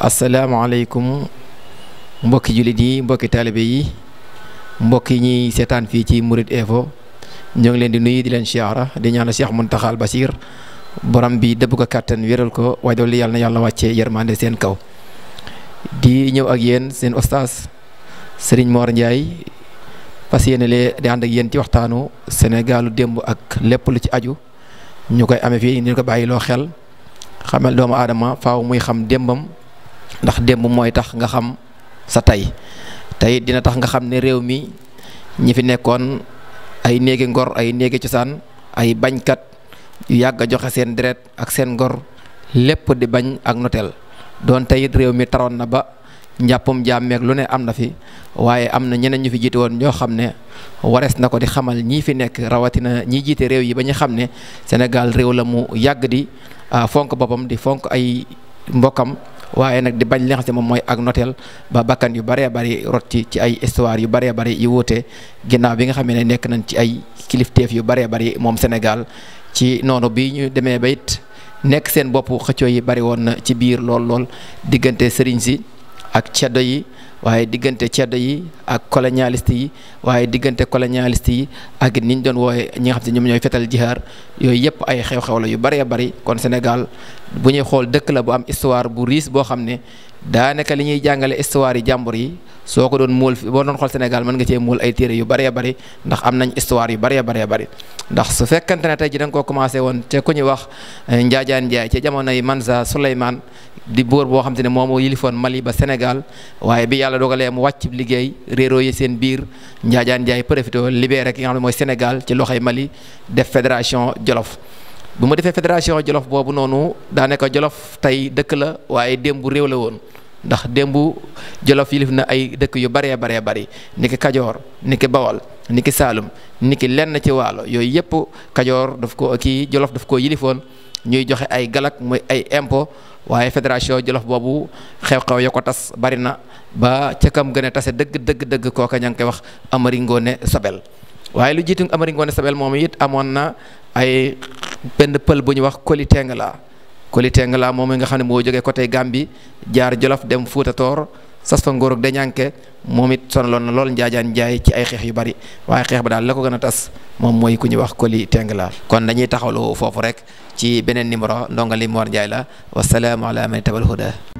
asalaamaaleykum mbokki jullit yi mbokki taalibe yi mbokk yi ñuy seetaan fii ci Mouride Info ñoo ngi leen di nuyu di leen siyaara di ñaanal Cheikh Mountakha Bassir borom bi dëbb ko kàttan wéral ko waaye li yàlla na yàlla wàccee yërmande seen kaw di ñëw ak yéen seen ostaas Serigne Mor Ndiaye fas yéene lee di ànd ak yéen ci waxtaanu Sénégalu démb ak lépp lu ci aju ñu koy amee fii ñu ko bàyyi loo xel xamal doomu aadama faaw muy xam démbam ndax démb mooy tax nga xam sa tey tey dina tax nga xam ne réew mi ñi fi nekkoon ay néegi ngor ay néegi cosaan ay bañkat yu yàgg a joxe seen deret ak seen ngor lépp di bañ ak noteel doon tey réew mi taroon na ba njàppum jàmmeeg lu ne am na fi waaye am na ñeneen ñu fi jiite woon ñoo xam ne warees na ko di xamal ñii fi nekk rawatina ñii jiite réew yi ba ñu xam ne Sénégal réew la mu yàgg di ah, fonk boppam di fonk ay mbokkam waaye nag di bañ li nga xam moom mooy ak noteel ba bakkan yu bëree bëri rot ci ay histoire yu bëree bëri yu wuute ginnaaw bi nga xamee ne nekk nañ ci ay kilifteef yu bëree bëri moom Sénégal ci noonu bi ñu demee ba it nekk seen bopp xëccoo yi bëri woon na ci biir lool lool diggante sëriñ si. ak ceddo yi waaye diggante ceddo yi ak colonialiste yi waaye diggante colonialiste yi ak ni ñu doon wooye ñi nga xam ne ñoom ñooy fetal jihaar yooyu yëpp ay xew-xew la yu bëree bëri kon Sénégal bu ñuy xool dëkk la bu am histoire bu riis boo xam ne daanaka li ñuy jàngale histoire yi jàmbur yi soo ko doon móol boo doon xool Sénégal mën nga cee móol ay téere yu bëree bëri ndax am nañ histoire yu bëree bëree bëri ndax su fekkante ne tey ji da nga koo commencé woon te ku ñu wax eh, Njaajaan Njaay ci jamonoy Mansa Souleymane di boor boo xam te ne moom moo yilifoon Mali ba Sénégal waaye bi yàlla dogalee mu wàcc liggéey réeroo yi seen biir Njaajaan Njaay profité libéré ki nga xam ne mooy Sénégal ci loxoy Mali def fédération Jolof bu ma defee fédération jolof boobu noonu daanaka jolof tey dëkk la waaye démb réew la woon ndax démb jolof yilif na ay dëkk yu baree baree bari niki kajoor niki bawal niki saalum niki lenn ci waalo yooyu yëpp kajoor daf ko kii jolof daf ko yilifoon ñuy joxe ay galak muy ay impôt waaye fédération jolof boobu xew-xew ya ko tas bari na ba ca kam gën a tase dëgg dëgg dëgg kooka ña ngi koy wax Amari Ngoone Sobel waaye lu jiitu Amari Ngoone Sobel moom benn pël bu ñuy wax Koli Tengala Koli Tengala moom nga xam ne moo jógee côté Gambie jaar Jolof dem Fuuta Toor sas fa ngóorug dañànke moom it sonaloon na lool njaajaan njaay ci ay xeex yu bari waaye xeex ba daal la ko gën a tas moom mooy ku ñu wax Koli Tengala kon dañuy taxawlu foofu rek ci beneen numéro ndonga li Mor Ndiaye la wasalaamu ala man tabal huda